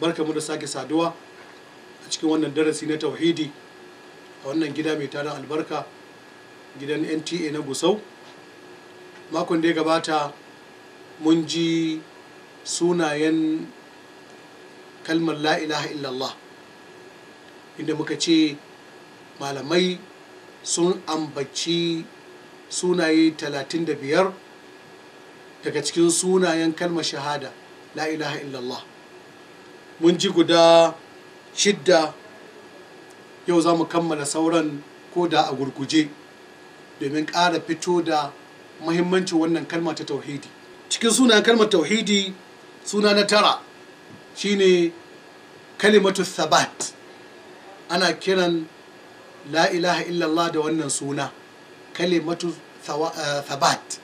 barka mu da sake saduwa a cikin wannan darasi na tauhidi a wannan gida mai tarin albarka gidan nta na gusau makon da ya gabata mun ji sunayen kalmar la ilaha illallah inda muka ce malamai sun ambaci sunaye 35 daga cikin sunayen kalmar shahada la ilaha illallah mun ji guda shidda yau za mu kammala sauran ko da a gurguje domin ƙara fito da mahimmancin wannan kalmar ta tauhidi cikin sunan kalmar tauhidi suna na tara shine kalimatu sabat ana kiran la illallah da wannan suna kalimatu sabat eh,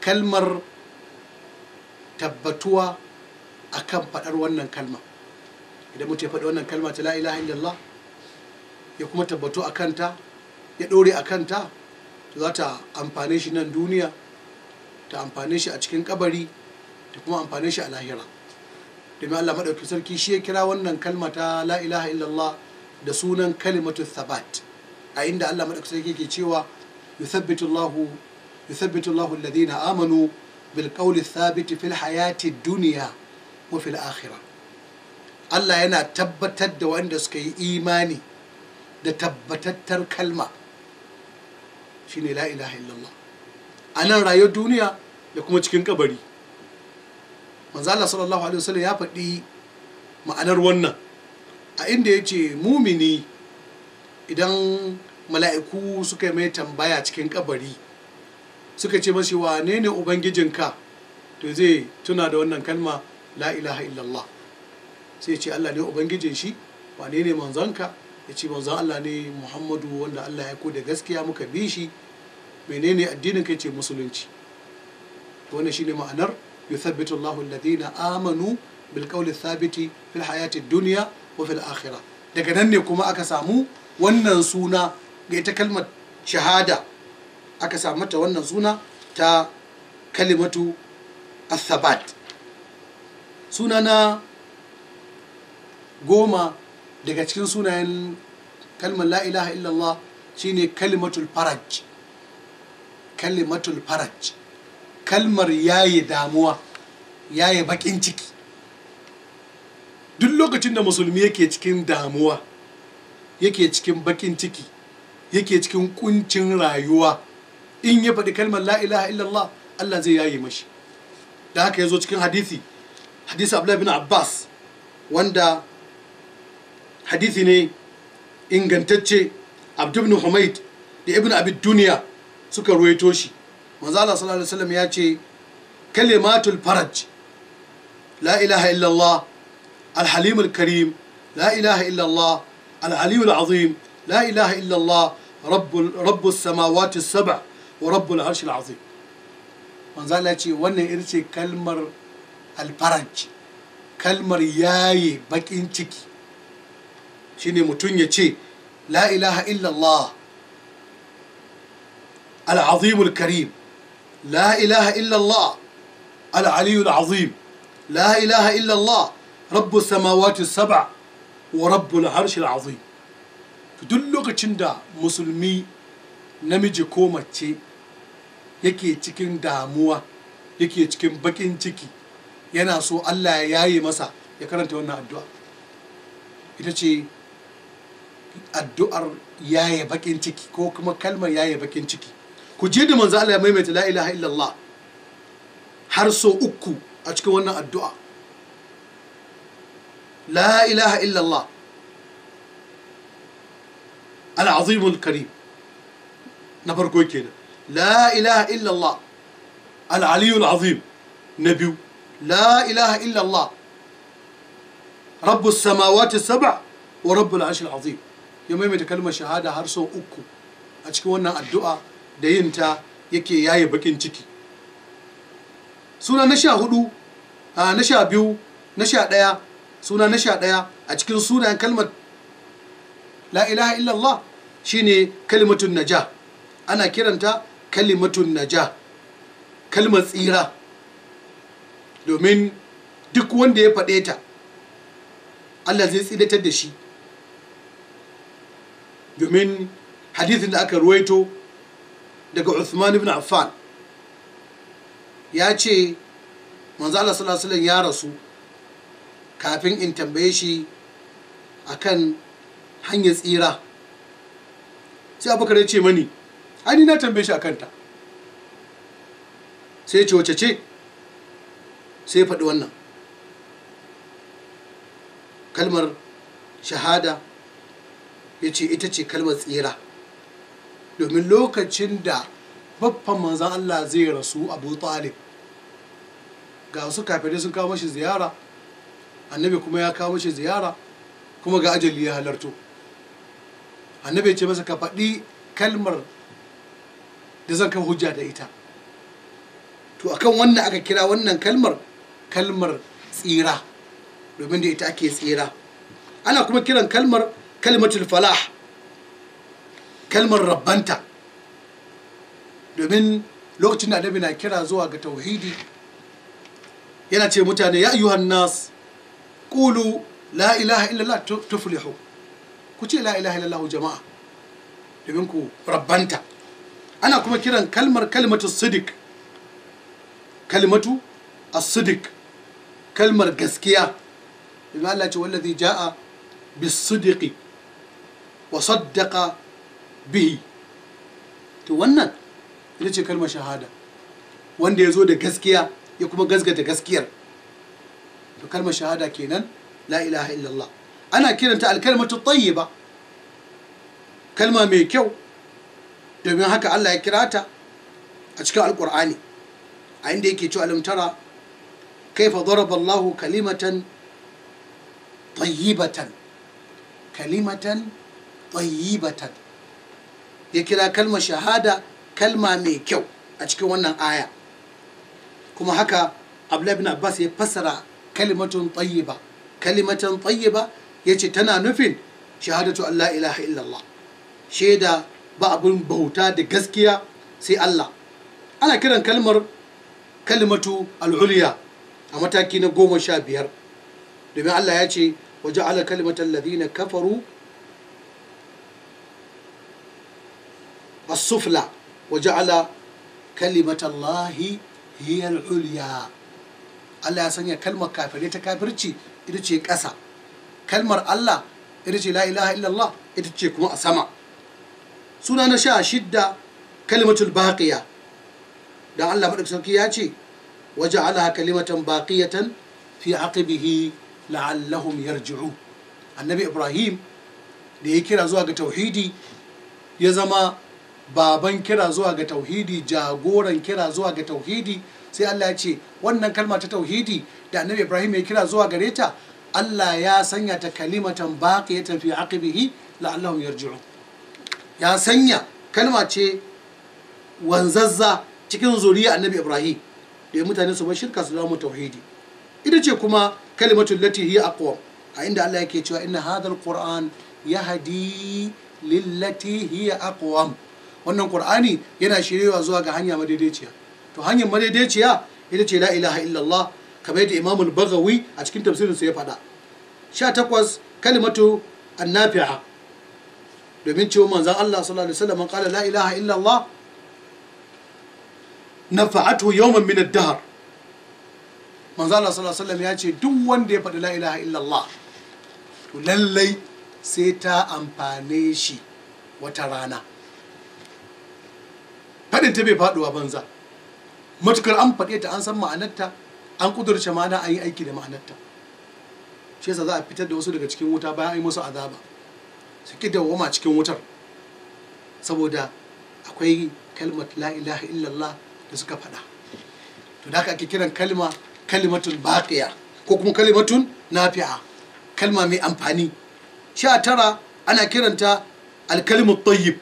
kalmar tabbatuwa akan faɗar wannan kalmar. idan mutum ya faɗi wannan kalma ta la ilaha allah ya kuma tabbato a kanta ya ɗore a kanta za ta amfane shi nan duniya ta amfane shi a cikin kabari ta kuma amfane shi a lahira domin Allah maɗauki sarki shi ya kira wannan kalma ta la ilaha allah da sunan kalimatu thabat a inda Allah maɗauki sarki ke cewa yuthabbitu Allahu alladhina amanu bil qawli thabit fil hayati dunya wa fil akhirah Allah yana tabbatar da wanda suka yi imani da tabbatattar kalma shine la ilaha illallah a nan rayuwar duniya da kuma cikin kabari manzo Allah sallallahu alaihi wasallam ya faɗi ma'anar wannan a inda ya ce mumini idan mala'iku suka mai tambaya cikin kabari suka ce mashi wa ne ne ubangijinka to zai tuna da wannan kalma la ilaha illallah sai ya ce Allah ne ubangijin shi wane ne manzanka ya ce manzan Allah ne Muhammadu wanda Allah ya ko da gaskiya muka bi shi menene addinin ka ce musulunci wannan shine ma'anar yuthabbitu Allahu alladhina amanu bil qawli thabiti fil hayati dunya wa fil akhirah daga nan ne kuma aka samu wannan suna ga ita kalmar shahada aka samu ta wannan suna ta kalimatu as-sabat suna na goma daga cikin sunayen kalmar la ilaha illallah ne kalimatul faraj kalimatul faraj kalmar yaye damuwa yaye bakin ciki duk lokacin da musulmi yake cikin damuwa yake cikin bakin ciki yake cikin kuncin rayuwa in ya faɗi kalmar la ilaha illallah Allah zai yaye mashi da haka ya zo cikin hadisi hadisi Abdullahi bin Abbas wanda hadisi ne ingantacce abdu ibn humaid da ibn abid duniya suka ruwaito shi manzala Allah sallallahu alaihi wasallam ya ce kalimatul faraj la ilaha illallah الحليم الكريم لا إله إلا الله العلي la ilaha إله إلا الله رب رب السماوات السبع ورب العرش العظيم wannan irce kalmar alfaranci kalmar yaye bakin ciki shine mutum ya ce la ilaha illallah al'azim الكريم la ilaha illallah al'aliyu al'azim la ilaha illallah إلا samawati saba wa السبع harshe al'azim duk lokacin da musulmi namiji ko mace yake cikin damuwa yake cikin bakin ciki yana so Allah ya yaye masa ya karanta wannan addu'a ita ce addu'ar yaye bakin ciki ko kuma kalmar yaye bakin ciki ku ji da manzo Allah ya maimaita la ilaha illallah har so uku a cikin wannan addu'a la ilaha illallah al-azimul karim na farko kenan la ilaha illallah al-aliyul azim na biyu la ilaha illallah rabbus samawati sab'a wa rabbul arshil azim ya maimaita kalmar shahada har sau uku a cikin wannan addu'a da yin ta yake yaye bakin ciki suna na sha hudu na sha biyu na sha ɗaya suna na sha ɗaya a cikin sunayen kalmar la ilaha illallah shine kalmatun Naja. ana kiranta kalimatun naja kalmar tsira domin duk wanda ya faɗe ta Allah zai tsidatar da shi domin hadithin da aka ruwaito daga Uthman ibn Affan ya ce manzo Allah sallallahu alaihi ya rasu kafin in tambaye shi akan hanyar tsira sai abubakar ya ce mani ani na tambaye shi akan ta sai ce wace ce sai faɗi wannan kalmar shahada yace ita ce kalmar tsira domin lokacin da babban manzan Allah zai rasu abu talib ga wasu kafirai sun kawo mashi ziyara annabi kuma ya kawo mashi ziyara kuma ga ajali ya halarto annabi ce masa ka faɗi kalmar da zan kan hujja da ita to akan wannan aka kira wannan kalmar kalmar tsira domin da ita ake tsira ana kuma kiran kalmar kalmatul falah kalmar rabbanta domin lokacin da annabi na kira zuwa ga tauhidi yana ce mutane ya ayyuhan nas qulu la ilaha illallah tuflihu ku ce la ilaha illallah jama'a domin ku rabbanta ana kuma kiran kalmar kalmatu sidik kalmatu as-sidik kalmar gaskiya domin Allah ce wallazi jaa bis-sidiqi wasaddaka bihi to wannan ita ce kalmar shahada wanda ya zo da gaskiya ya kuma gazgata gaskiyar to kalmar shahada kenan la ilaha illallah ana kiranta alkalmatu tayyiba kalma mai kyau domin haka Allah ya kira ta a cikin alkur'ani a inda yake cewa alamtara kaifa daraba Allahu kalimatan tayyibatan kalimatan tayyibatan ya kira kalmar shahada kalma mai kyau a cikin wannan aya kuma haka Abdullahi Abbas ya fassara kalimatun tayyiba kalimatun tayyiba yace tana nufin shahadatu Allah ilaha illallah shaida ba abin bauta da gaskiya sai Allah ana kiran kalmar kalimatu al'uliya a mataki na goma sha biyar domin Allah ya ce waje ala kalimatar na kafaru as-sufla wa ja'ala kalimatallahi hiya al-ulya ya sanya kalmar kafirai ta kafirci ita ce ƙasa kalmar Allah ita ce la ilaha illallah ita ce kuma a sama suna na sha shidda kalimatul baqiya da Allah madaukakin sarki ya ce waja'alaha kalimatan baqiyatan fi aqibihi la'allahum yarji'u annabi Ibrahim da ya kira zuwa ga tauhidi ya zama baban kira zuwa ga tauhidi jagoran kira zuwa ga tauhidi sai Allah ya ce wannan kalma ta tauhidi da annabi Ibrahim ya kira zuwa gare ta Allah ya sanya ta kalimatan baqiyatan fi aqibihi la'allahum yarji'un ya sanya kalma ce wanzazza cikin zuriya annabi Ibrahim da mutane su bar shirka su zama tauhidi ita ce kuma kalimatul lati hiya aqwam a inda Allah yake cewa inna hadhal quran yahdi lillati hiya aqwam wannan qur'ani yana shiryewa zuwa ga hanya madaidaiciya to hanyar madaidaiciya ita ce la ilaha illallah kamar yadda imam al-baghawi a cikin tafsirinsa ya faɗa 18 kalimatu annafi'a domin cewa manzon Allah sallallahu alaihi wasallam qala la ilaha illallah nafa'atu yawman min ad-dahr manzon Allah sallallahu alaihi wasallam ya ce duk wanda ya faɗi la ilaha illallah to lallai sai ta amfane shi wata rana ita bai faduwa banza matukar an faɗe ta an san ma'anarta an kudurce ma'ana an yi aiki da ma'anarta shi yasa za a fitar da wasu daga cikin wuta bayan an yi musu azaba su ki dawwama cikin wutar saboda akwai kalmat la ilaha illallah da suka faɗa to da haka ake kiran kalma kalimatun baqiya ko kuma kalimatun nafi'a kalma mai amfani sha tara ana kiranta alkalimut tayyib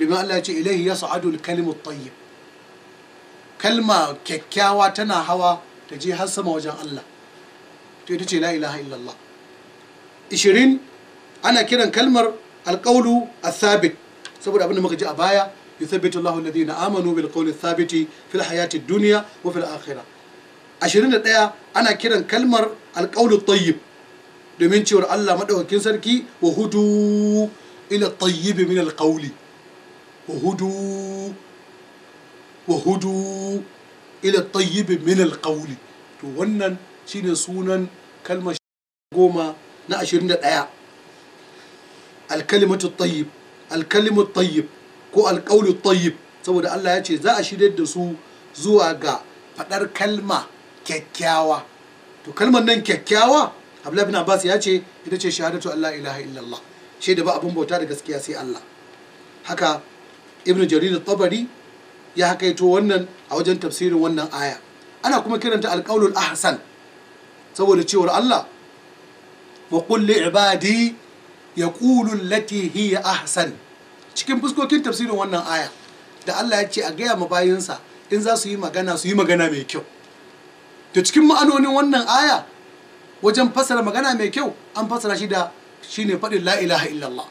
domin Allah ya ce ilaihi ya al-kalimu tayyib kalma kyakkyawa tana hawa ta je har sama wajen Allah to ita ce la ilaha illallah ishirin ana kiran kalmar alqawlu a saboda abin da muka ji a baya yuthabbitu Allahu alladhina amanu bil qawli thabiti fil hayati dunya wa fil akhirah ɗaya ana kiran kalmar alqawlu tayyib domin cewar Allah madaukakin sarki wa hudu ila tayyib min alqawli wahudu wahudu ila tayyibi min alqawli to wannan shine sunan kalmar goma na 21 alkalimatu tayyib alkalimu tayyib ko alkaulu tayyib saboda Allah ya ce za a shirya da su zuwa ga faɗar kalma kyakkyawa to kalmar nan kyakkyawa Abdullahi bin Abbas ya ce ita ce shahadatu Allah ilaha illallah shaida ba abun bauta da gaskiya sai Allah haka ibn jarir tabari ya haƙaito wannan a wajen tafsirin wannan aya ana kuma kiranta alƙaulul ahsan saboda cewar Allah wa qul ibadi yaqulu allati hiya ahsan cikin fuskokin tafsirin wannan aya da Allah ya ce a gaya ma bayansa in za su yi magana su yi magana mai kyau Da cikin ma'anonin wannan aya wajen fasara magana mai kyau an fasara shi da shine faɗin la illallah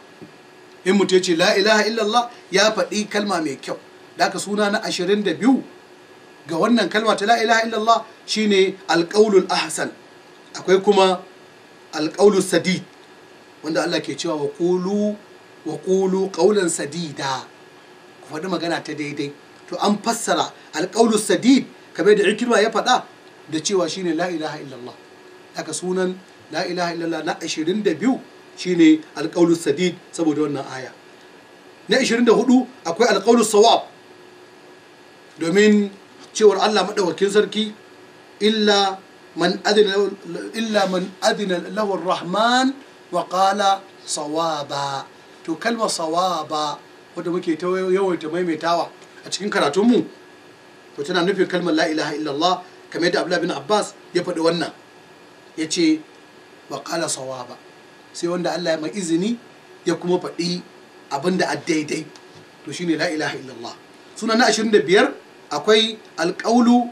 in mutum ya ce la ilaha illallah ya faɗi kalma mai kyau da aka suna na 22 ga wannan kalma ta la ilaha illallah shine alƙaulul ahsan akwai kuma alƙaulul sadid wanda Allah ke cewa wa qulu wa sadida ku faɗi magana ta daidai to an fassara alƙaulul sadid kamar da ikirma ya faɗa da cewa shine la ilaha illallah sunan la ilaha illallah na shine alƙaulus sadid saboda wannan aya na 24 akwai alƙaulus sawab domin cewar Allah maɗaukakin sarki illa man adina illa rahman wa qala sawaba to kalmar sawaba wanda muke ta yawaita maimaitawa a cikin karatunmu to tana nufin kalmar la ilaha illallah kamar yadda Abdullah bin Abbas ya faɗi wannan yace wa qala sawaba sai wanda Allah ya mai izini ya kuma faɗi abin da a daidai to shine la ilaha illallah suna na ashirin da biyar akwai alƙaulu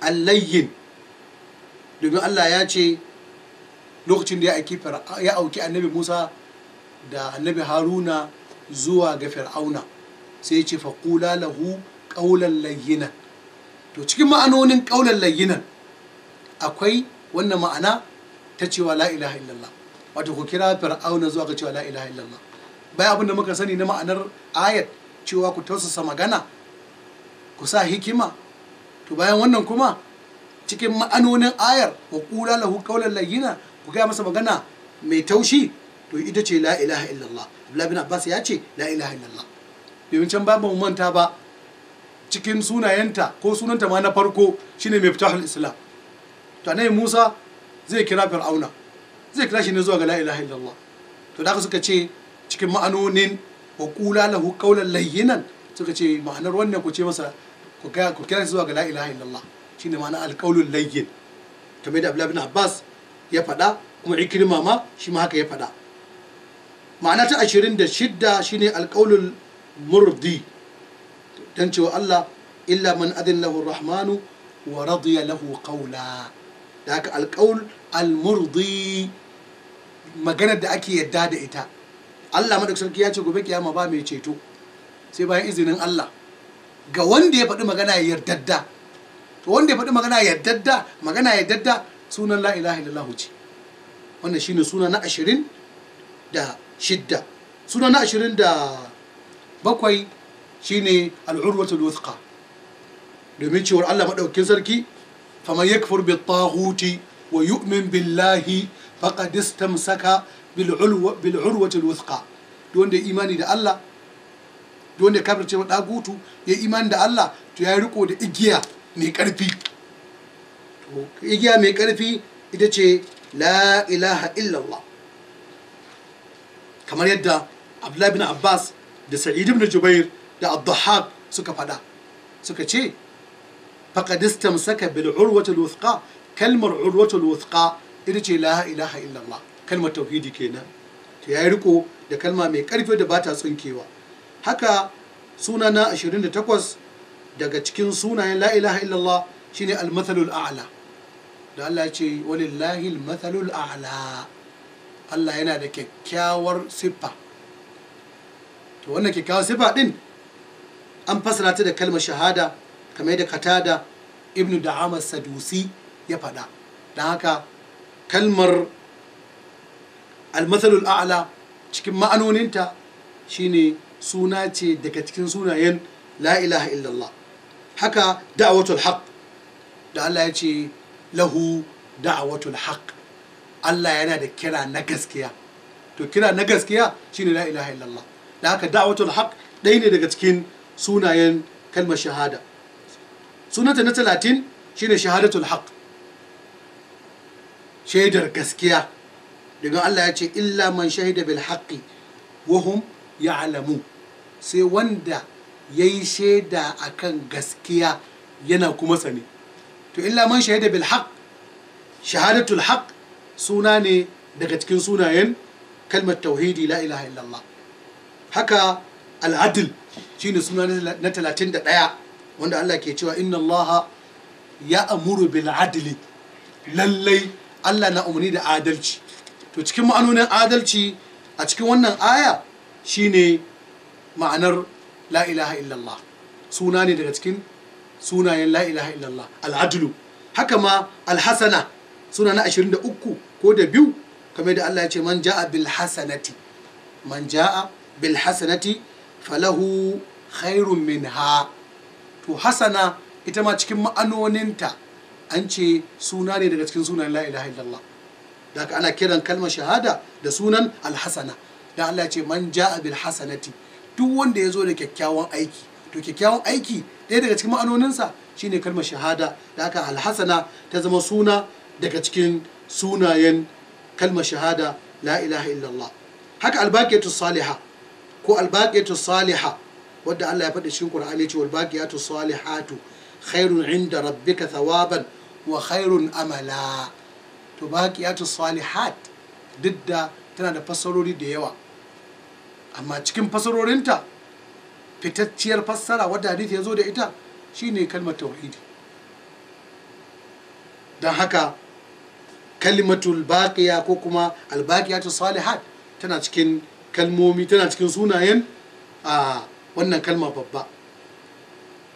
allayyin domin Allah ya ce lokacin da ya aiki ya auki annabi Musa da annabi Haruna zuwa ga Fir'auna sai ya ce faƙula lahu ƙaular layyinan to cikin ma'anonin ƙaular layyinan akwai wannan ma'ana ta cewa la ilaha illallah wato ku kira fir'auna zuwa ga cewa la ilaha illallah bayan abin da muka sani na ma'anar ayat cewa ku tausasa magana ku sa hikima to bayan wannan kuma cikin ma'anonin ayar wa kula lahu qawlan layyina ku gaya masa magana mai taushi to ita ce la ilaha illallah Abdullahi bin Abbas ya ce la ilaha illallah domin can babu manta ba cikin sunayenta ko sunanta ma na farko shine mai fitahul islam to annabi Musa zai kira fir'auna zai kira shi ne zuwa ga la ilaha illallah to da suka ce cikin ma'anonin wa qula lahu qawlan layyinan suka ce ma'anar wannan ku ce masa ku ga ku kira shi zuwa ga la ilaha illallah shine ma'ana alqawlul layyin mai da Abdullah ibn Abbas ya faɗa kuma Ikrima ma shi ma haka ya faɗa ma'ana ta 26 shine alqawlul murdi dan cewa Allah illa man adin lahu rahmanu wa radiya lahu qawla da haka alqawl Almurdi murdi maganar da ake yadda da ita Allah madaka sarki ya ce gobe kiyama ba mai ceto sai bayan izinin Allah ga wanda ya faɗi magana ya yardadda to wanda ya faɗi magana ya yardadda magana ya yardadda sunan la ilaha illallah ce wannan shine suna na ashirin da shidda suna na ashirin da bakwai shine al'urwatul wuthqa domin cewar Allah maɗaukin sarki faman yakfur bi taghuti wa yu'min billahi faqad istamsaka bil urwati al duk wanda imani da Allah duk wanda kafirce dagutu ya imani Allah to ya riko da igiya mai karfi igiya mai karfi ita ce la ilaha illallah kamar yadda Abdullahi bin Abbas da Sa'id ibn Jubair da Abdahab suka fada suka ce faqad saka bil urwati al kalmar urwatul wuthqa ita ce la ilaha illallah kalmar tauhidi kenan to yayi riko da kalma mai karfi da bata tsinkewa haka suna na 28 daga cikin sunayen la ilaha illallah shine al-mathalul a'la da Allah ya ce walillahi al-mathalul a'la Allah yana da kyakkyawar siffa to wannan kyakkyawar siffa din an fasara ta da kalmar shahada kamar da katada ibnu da'ama sadusi ya faɗa don haka kalmar almasalul a'la cikin ma'anoninta shine suna ce daga cikin sunayen la ilaha illallah haka da'watul haq da Allah ya ce lahu da'watul haq Allah yana da kira na gaskiya to kira na gaskiya shine la ilaha illallah da haka da'watul haq ɗaya ne daga cikin sunayen kalmar shahada sunanta na talatin shine shahadatul haq shaidar gaskiya daga Allah ya ce illa man shahida bil haqqi wahum ya'lamu sai wanda yayi shaida akan gaskiya yana kuma sani to illa man shahida bil haqq shahadatul haqq suna ne daga cikin sunayen kalmar tauhidi la ilaha illallah haka al'adil shine suna na 31 wanda Allah ke cewa inna Allah ya amuru bil adli lallai Allah na umarni da adalci to cikin ma'anonin adalci a cikin wannan aya shine ma'anar la ilaha illallah suna ne daga cikin sunayen la ilaha illallah al'adlu haka ma alhasana suna na 23 ko da biyu kamar da Allah ya ce man ja'a bil hasanati man ja'a bil hasanati falahu khairun minha to hasana ita ma cikin ma'anoninta an ce suna ne daga cikin sunan la ilaha illallah da aka ana kiran kalmar shahada da sunan alhasana da Allah ce man ja'a bil hasanati duk wanda ya zo da kyakkyawan aiki to kyakkyawan aiki ɗaya daga cikin ma'anoninsa shine kalmar shahada da aka alhasana ta zama suna daga cikin sunayen kalmar shahada la ilaha illallah haka albaqiyatus saliha ko albaqiyatus saliha wadda Allah ya faɗi cikin Qur'ani ce wal baqiyatu salihatu khairun inda rabbika thawaban wa khairun amala to baqiyatu salihat duk da tana da fasarori da yawa amma cikin fassarorinta fitacciyar fassara wadda hadith ya zo da ita shine kalmar tauhidi don haka kalimatul baqiya ko kuma albaqiyatu salihat tana cikin kalmomi tana cikin sunayen a wannan kalma babba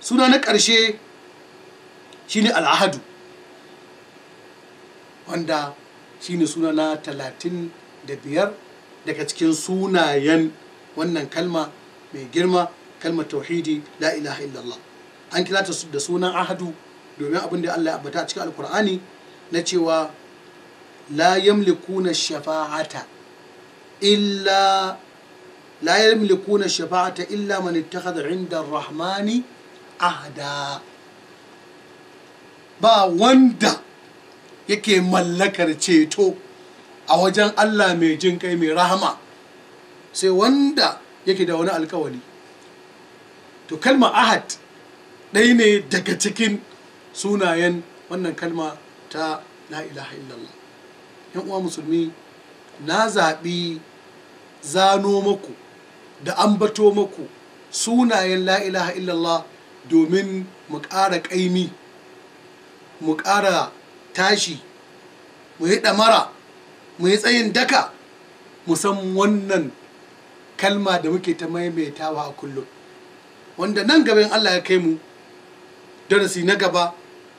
suna na ƙarshe shine al'ahadu wanda shine suna na talatin da biyar daga cikin sunayen wannan kalma mai girma kalmar tauhidi la ilaha illallah an kira ta da sunan ahadu domin abin da Allah ya ambata a cikin alkur'ani na cewa la yamlikuna shafa'ata illa la yamlikuna shafa'ata illa man ittakhadha 'inda ar-rahmani ahda ba wanda yake mallakar ceto a wajen Allah mai jin kai mai rahama sai wanda yake da wani alkawari to kalma ahad ɗaya ne daga cikin sunayen wannan kalma ta la ilaha illallah yan uwa musulmi na zaɓi zano maku da ambato maku sunayen la ilaha illallah domin mu ƙara ƙaimi mu ƙara tashi mu yi ɗamara mu yi tsayin daka mu san wannan kalma da muke ta maimaitawa a kullum wanda nan gaban allah ya kai mu darasi na gaba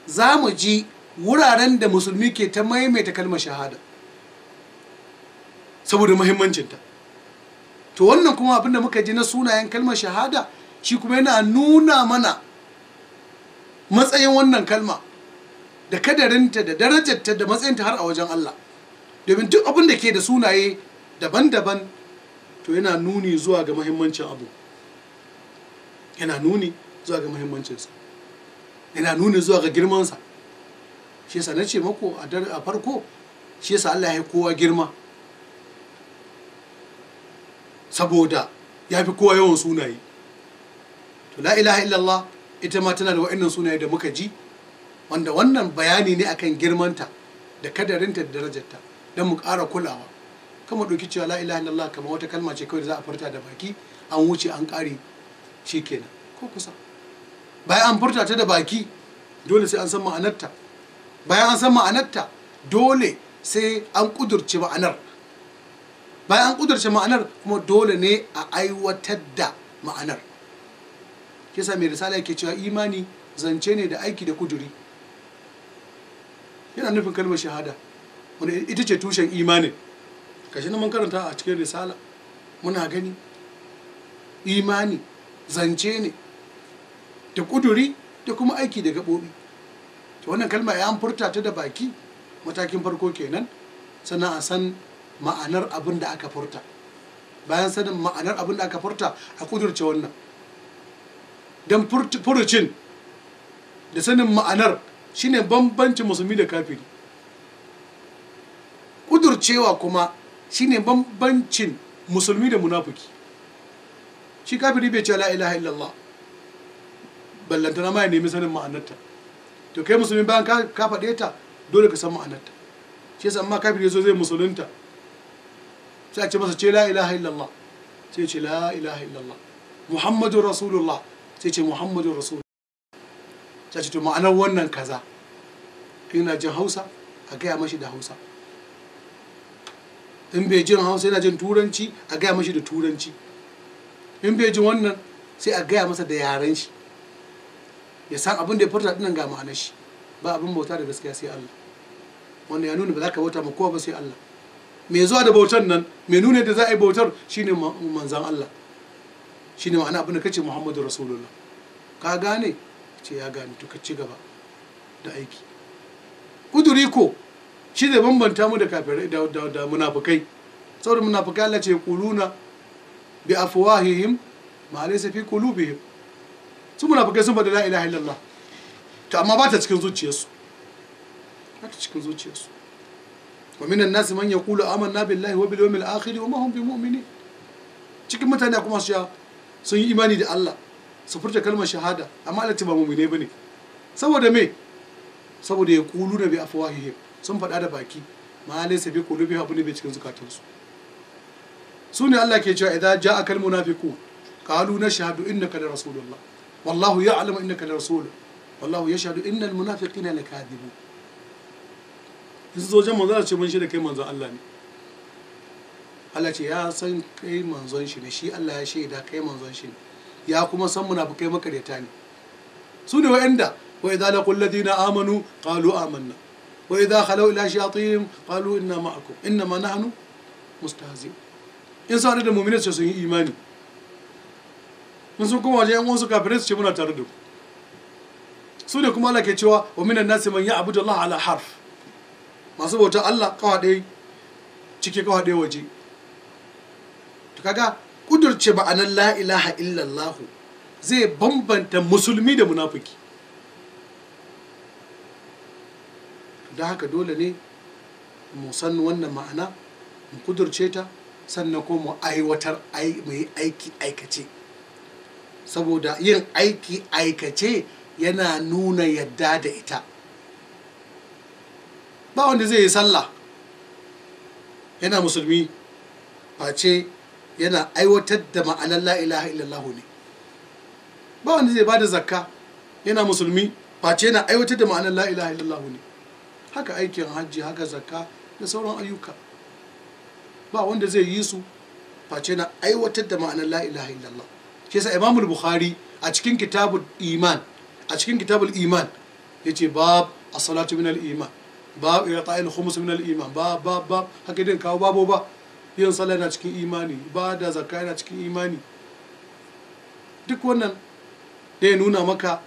za mu ji wuraren da musulmi ke ta maimaita kalmar shahada saboda muhimmancinta to wannan kuma abin da muka ji na sunayen kalmar shahada shi kuma yana nuna mana matsayin wannan kalma da kadarinta da darajarta da matsayinta har a wajen Allah domin duk abin da ke da sunaye daban-daban to yana nuni zuwa ga muhimmancin abu yana nuni zuwa ga muhimmancinsa yana nuni zuwa ga girmansa shi yasa na ce mako a farko shi yasa Allah ya kowa girma saboda ya fi kowa yawan sunaye to la ilaha illallah ita ma tana da wa'annan sunaye da muka ji wanda wannan bayani ne akan girmanta da kadarinta da darajarta don mu ƙara kulawa kama ɗauki cewa la ilaha illallah kamar wata kalma ce kawai da za a furta da baki an wuce an ƙare shi kenan ko kusa bayan an furta ta da baki dole sai an san ma'anarta bayan an san ma'anarta dole sai an ƙudurce ma'anar bayan an ƙudurce ma'anar kuma dole ne a aiwatar da ma'anar kisa mai risala yake cewa imani zance ne da aiki da kuduri yana nufin kalmar shahada wanda ita ce tushen imanin kashi na mun karanta a cikin risala muna gani imani zance ne da kuduri da kuma aiki da gaɓoɓi to wannan kalma ya an furta ta da baki matakin farko kenan sannan a san ma'anar abin da aka furta bayan sanin ma'anar abin da aka furta a kudurce wannan don furucin da sanin ma'anar shine bambancin musulmi da kafiri kudurcewa kuma shine bambancin musulmi da munafiki shi kafiri bai ce la ilaha illallah ballanta na ya nemi sanin ma'anarta to kai musulmi bayan ka faɗe ta dole ka san ma'anarta shi yasa amma kafiri yazo zai musulunta sai a ce masa ce la ilaha illallah sai ce la ilaha illallah muhammadu rasulullah sai ce muhammadu rasulullah ta ce to ma'anar wannan kaza Ina jin hausa a gaya mashi da hausa in bai jin hausa yana jin turanci a gaya mashi da turanci in bai jin wannan sai a gaya masa da yaren shi ya san abin da ya furta dinan ga ma'anar shi ba abin bauta da gaskiya sai Allah wannan ya nuna ba za ka bauta ma kowa ba sai Allah me zuwa da bautar nan me nuna da za a yi bautar shine manzan Allah shine ma'ana abin da kace Muhammadu Rasulullah ka gane ce ya gani to ka ci gaba da aiki kuduri ko shi zai bambanta mu da kafirai da da munafikai saboda munafikai Allah ce quluna bi afwahihim ma laysa fi qulubihim su munafikai sun faɗi la ilaha illallah to amma ba ta cikin zuciyarsu ba ta cikin zuciyarsu wa minan nas man yaqulu amanna billahi wa bil yawmil akhir wa ma hum mu'minin cikin mutane kuma su sun yi imani da Allah su furta kalmar shahada amma Allah ce ba ne. bane saboda me saboda ya kulu da bi afwahihim sun faɗa da baki ma laysa bi qulubi abu ne bai cikin zakatun su ne Allah ke cewa idza ja'a kal munafiqu qalu nashhadu innaka la rasulullah wallahu ya'lamu innaka la rasul wallahu yashhadu innal munafiqina lakadibun in zo jan manzo ce mun shi da kai manzo Allah ne Allah ce ya san kai manzon shi ne shi Allah ya shaida kai manzon shi ne ya kuma san munafukai makareta ne su ne wa'anda wa idza laqul ladina amanu qalu amanna wa idza khalaw ila shayatin qalu inna ma'akum inna ma nahnu mustahzi'un in sa da mu'mina su sun yi imani mun sun kuma wajen yan uwansu kafirai su ce muna tare da su ne kuma Allah ke cewa wa minan nasi man ya'budu Allah ala harf masu bauta Allah kawai dai cike kawai dai waje to kaga Kudurce ba'anan la ilaha illallahu zai bambanta musulmi da munafiki da haka dole ne mu san wannan ma'ana mu kudurce ta sannan ko mu aiwatar mu yi aiki aikace saboda yin aiki aikace yana nuna yadda da ita ba wanda zai yi sallah yana musulmi face yana aiwatar da ma'anar la ilaha illallah ne ba wanda zai bada zakka yana musulmi face yana aiwatar da ma'anar la ilaha illallah ne haka aikin hajji haka zakka da sauran ayyuka ba wanda zai yi su face yana aiwatar da ma'anar la ilaha illallah shi yasa Imam Bukhari a cikin kitabul iman a cikin kitabul iman yace bab as-salatu min al-iman bab irta'il khumus min al-iman bab bab bab haka din kawo babo ba yin sallah na cikin imani ba da zakka yana cikin imani duk wannan da ya nuna maka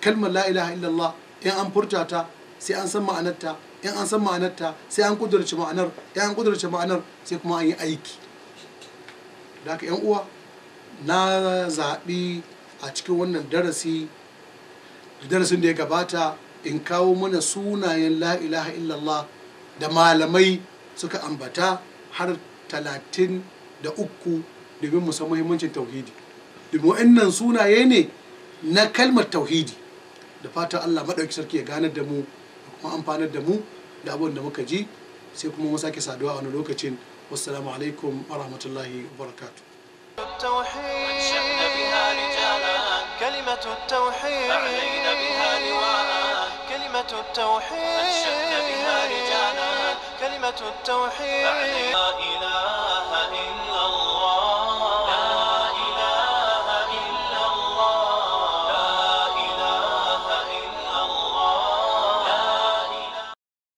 kalmar la ilaha illallah in an furta ta sai an san ma'anarta in an san ma'anarta sai an kudurce ma'anar in an kudurce ma'anar sai kuma an yi aiki da haka yan uwa na zaɓi a cikin wannan darasi darasin da ya gabata in kawo mana sunayen la ilaha illallah da malamai suka ambata har talatin da uku domin mu san muhimmancin tauhidi domin wa'annan sunaye ne na kalmar tauhidi da fatan Allah madauki sarki ya ganar da mu kuma amfanar da mu da abin da muka ji sai kuma mu sake saduwa a wani lokacin wassalamu alaikum wa rahmatullahi wa barakatuh كلمة التوحيد أعلينا بها لواء كلمة التوحيد كلمة التوحيد